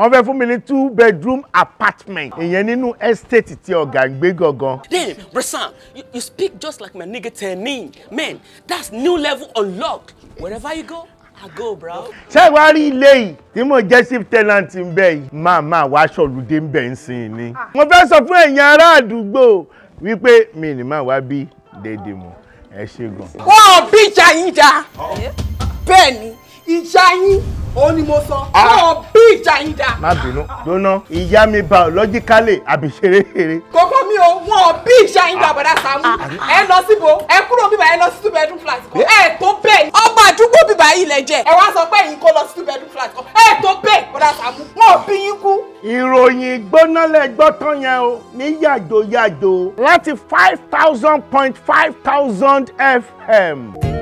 wọ́n fẹ́ fún mi ní two bedroom apartment ìyẹn nínú estate tí ọ̀gá ń gbé gangan. then Bressan you, you speak just like my nigga Tenin man that's new level unlocked wherever you go I go bro. ṣé wàá rí ilé yìí tí mo jẹ́ chief tenant ń bẹ̀ yìí máa máa wá aṣọ́lùdé ń bẹ̀ ń sìn ni. Ah. mo fẹ́ sọ fún ẹ̀yin ará àdúgbò wípé mi ni màá wá bí dédé mu ẹ ṣe gan. wọn ò bí ìjà yín jà oh. bẹ́ẹ̀ ni ìjà yín òun ni mo sọ ah ìyá yín dà. má bínú dóná ìyá mi biologically àbí ṣeréṣeré. kókó mi o wọn ò bí ìṣá yín dà ah. bọ̀dá Sàámú ah. ẹ lọ síbo ẹ kúrò bíbá ẹ lọ sí two bedroom flat kan eh? ẹ tó bẹ́ẹ̀ ọba àdúgbò bíbá yìí lẹ jẹ ẹ wá sọ pé ẹ̀yin kó lọ sí two bedroom flat kan ẹ tó bẹ́ẹ̀ bọ̀dá Sàámú wọn ò bí yín kú. ìròyìn gbóná lẹ gbọ́ tán yẹn o ní yàjò yàjò láti five thousand point five thousand fm.